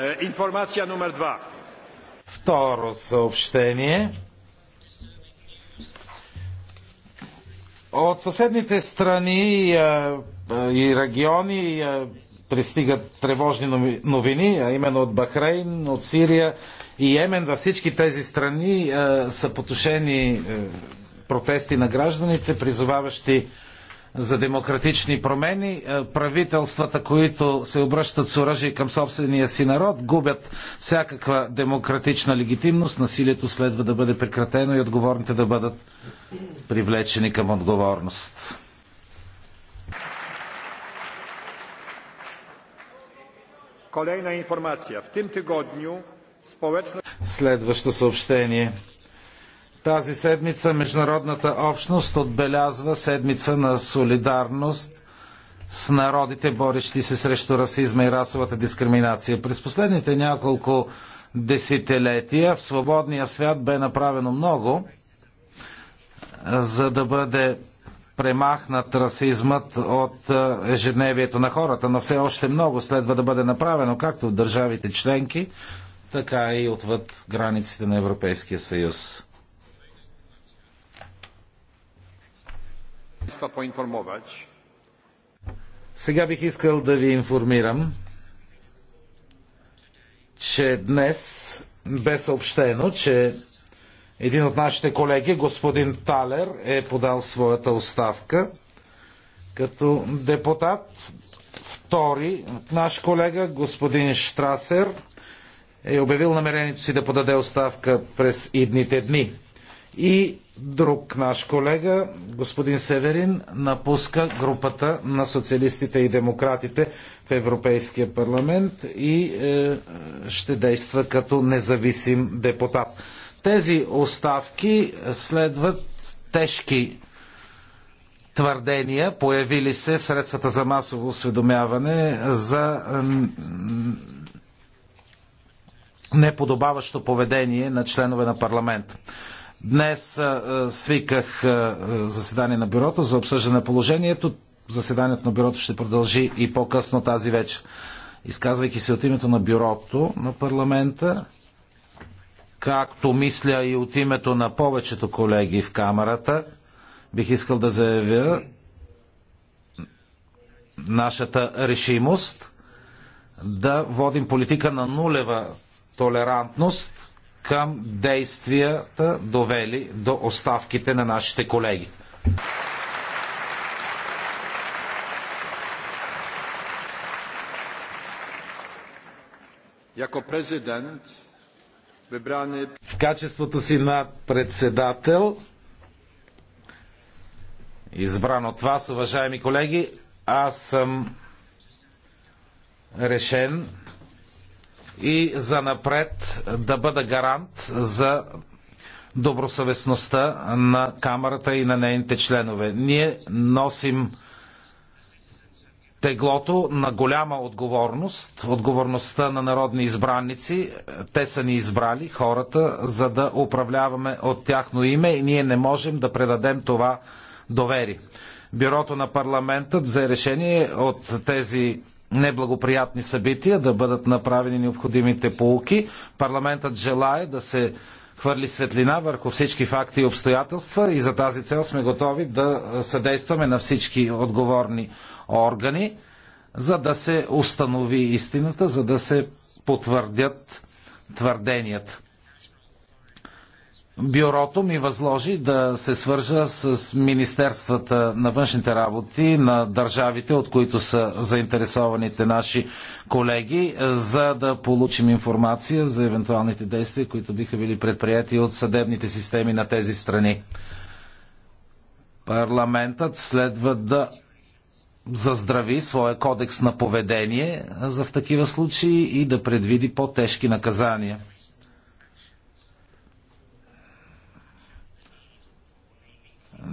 Е, информация номер Второ съобщение. От съседните страни е, е, и региони пристигат тревожни новини, а именно от Бахрейн, от Сирия и Йемен. Във всички тези страни са потушени протести на гражданите, призоваващи за демократични промени. Е, правителствата, които се обръщат с оръжие към собствения си народ, губят всякаква демократична легитимност. Насилието следва да бъде прекратено и отговорните да бъдат привлечени към отговорност. Следващо съобщение. Тази седмица международната общност отбелязва седмица на солидарност с народите, борещи се срещу расизма и расовата дискриминация. През последните няколко десетилетия в свободния свят бе направено много, за да бъде премахнат расизмът от е, ежедневието на хората, но все още много следва да бъде направено, както от държавите членки, така и отвъд границите на Европейския съюз. Сега бих искал да ви информирам, че днес бе съобщено, че един от нашите колеги, господин Талер, е подал своята оставка като депутат. Втори наш колега, господин Штрасер, е обявил намерението си да подаде оставка през идните дни. И друг наш колега, господин Северин, напуска групата на социалистите и демократите в Европейския парламент и е, ще действа като независим депутат. Тези оставки следват тежки твърдения, появили се в средствата за масово осведомяване за неподобаващо поведение на членове на парламент. Днес свиках заседание на бюрото за обсъждане на положението. Заседанието на бюрото ще продължи и по-късно тази вечер. Изказвайки се от името на бюрото на парламента, както мисля и от името на повечето колеги в камерата, бих искал да заявя нашата решимост да водим политика на нулева толерантност към действията, довели до оставките на нашите колеги. В качеството си на председател, избран от вас, уважаеми колеги, аз съм решен и за напред да бъда гарант за добросъвестността на Камерата и на нейните членове. Ние носим теглото на голяма отговорност, отговорността на народни избранници. Те са ни избрали, хората, за да управляваме от тяхно име и ние не можем да предадем това доверие. Бюрото на парламентът взе решение от тези неблагоприятни събития, да бъдат направени необходимите полуки. Парламентът желае да се хвърли светлина върху всички факти и обстоятелства и за тази цел сме готови да съдействаме на всички отговорни органи, за да се установи истината, за да се потвърдят твърденията. Бюрото ми възложи да се свържа с Министерствата на външните работи на държавите, от които са заинтересованите наши колеги, за да получим информация за евентуалните действия, които биха били предприяти от съдебните системи на тези страни. Парламентът следва да заздрави своя кодекс на поведение за в такива случаи и да предвиди по-тежки наказания.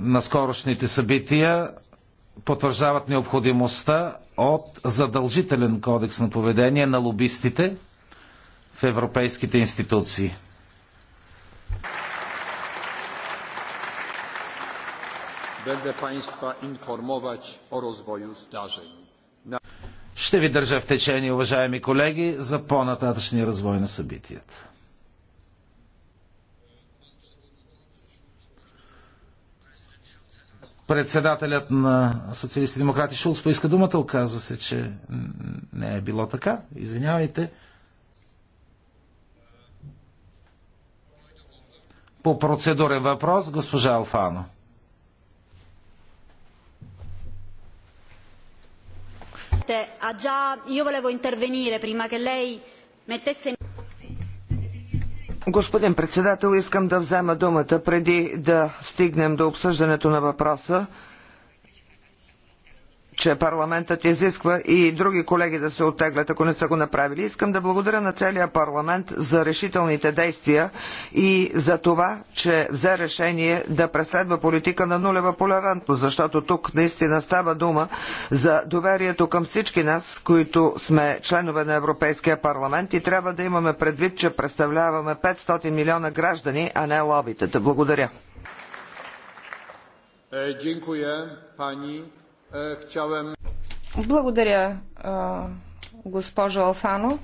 на скорошните събития потвърждават необходимостта от задължителен кодекс на поведение на лобистите в европейските институции. Ще ви държа в течение, уважаеми колеги, за по-нататъчния развой на събитията. Председателят на социалисти демократи Шулц поиска думата. Оказва се, че не е било така. Извинявайте. По процедурен въпрос, госпожа Алфано. Presidente, ha già, io volevo intervenire prima che lei mettesse Господин председател, искам да взема думата преди да стигнем до обсъждането на въпроса че парламентът изисква и други колеги да се оттеглят, ако не са го направили. Искам да благодаря на целия парламент за решителните действия и за това, че взе решение да преследва политика на нулева толерантност, защото тук наистина става дума за доверието към всички нас, които сме членове на Европейския парламент и трябва да имаме предвид, че представляваме 500 милиона граждани, а не лобитата. Благодаря. Е, благодаря, госпожо Алфано.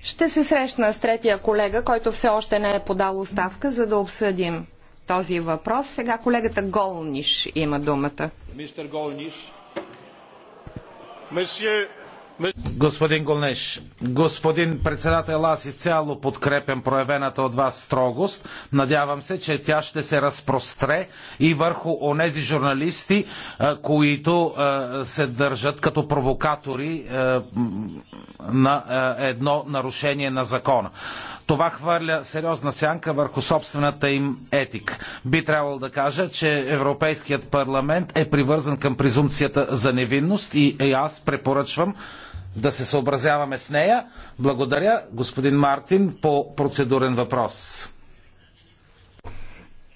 Ще се срещна с третия колега, който все още не е подал оставка, за да обсъдим този въпрос. Сега колегата Голниш има думата. Мистер Голниш. Месье Господин Голнеш, господин председател, аз изцяло подкрепям проявената от вас строгост. Надявам се, че тя ще се разпростре и върху онези журналисти, които се държат като провокатори на едно нарушение на закона. Това хвърля сериозна сянка върху собствената им етика. Би трябвало да кажа, че Европейският парламент е привързан към презумпцията за невинност и аз препоръчвам да се съобразяваме с нея. Благодаря, господин Мартин, по процедурен въпрос.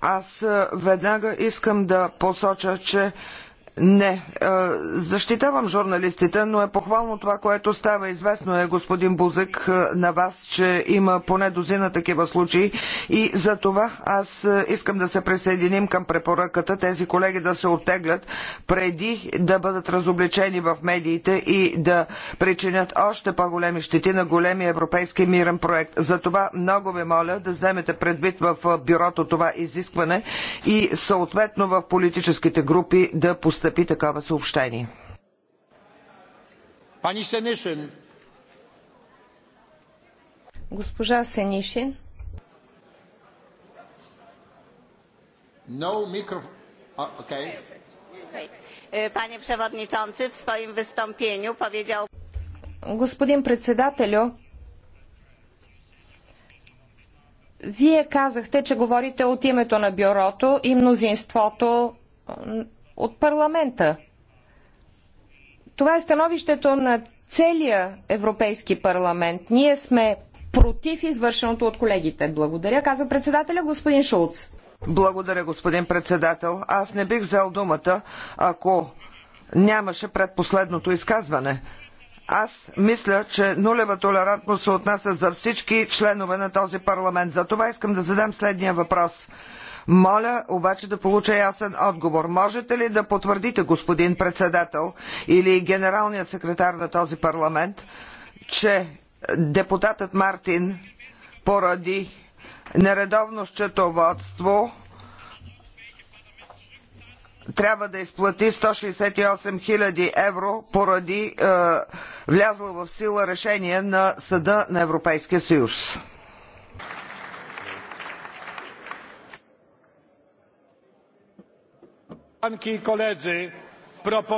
Аз е, веднага искам да посоча, че не, защитавам журналистите, но е похвално това, което става. Известно е, господин Бузък, на вас, че има поне дозина такива случаи и за това аз искам да се присъединим към препоръката тези колеги да се оттеглят преди да бъдат разобличени в медиите и да причинят още по-големи щети на големия европейски мирен проект. За това много ви моля да вземете предвид в бюрото това изискване и съответно в политическите групи да поставите постъпи такова съобщение. Пани Сенишин. Госпожа Сенишин. No, micro... okay. przewodniczący, е, Господин председателю, вие казахте, че говорите от името на бюрото и мнозинството от парламента. Това е становището на целия Европейски парламент. Ние сме против извършеното от колегите. Благодаря, казва председателя господин Шулц. Благодаря, господин председател. Аз не бих взел думата, ако нямаше предпоследното изказване. Аз мисля, че нулева толерантност се отнася за всички членове на този парламент. За това искам да задам следния въпрос – моля обаче да получа ясен отговор. Можете ли да потвърдите, господин председател или генералният секретар на този парламент, че депутатът Мартин поради нередовно счетоводство трябва да изплати 168 хиляди евро поради е, влязло в сила решение на Съда на Европейския съюз. koleżanki i koledzy proponuję